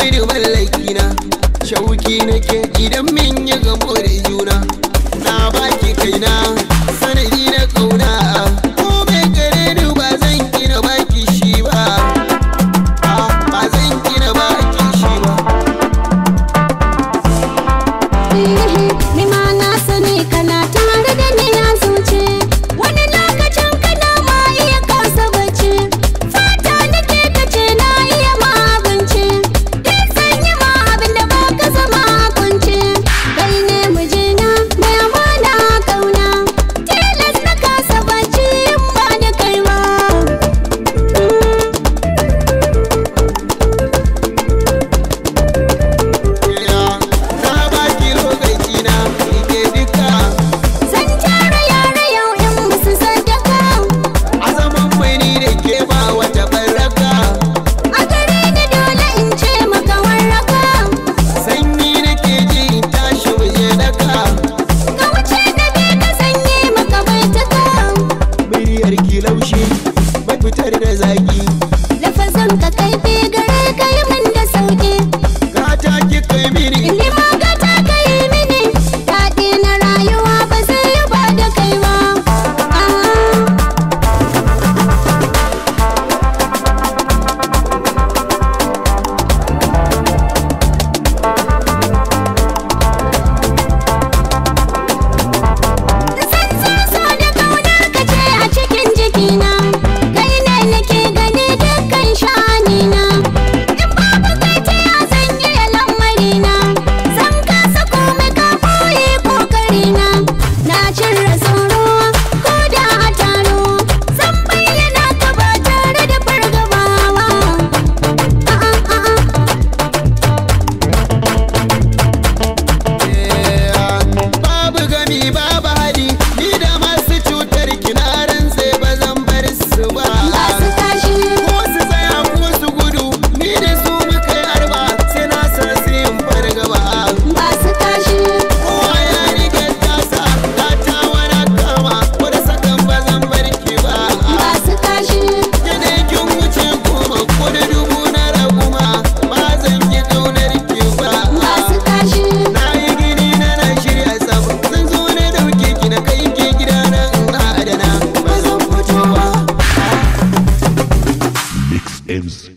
bai mallakina na shauki nake idan min ya gamo da juna na baki kaina har da zaki lafazan ka kai gare ka yi min da sauki ka ta ki kai mini M's.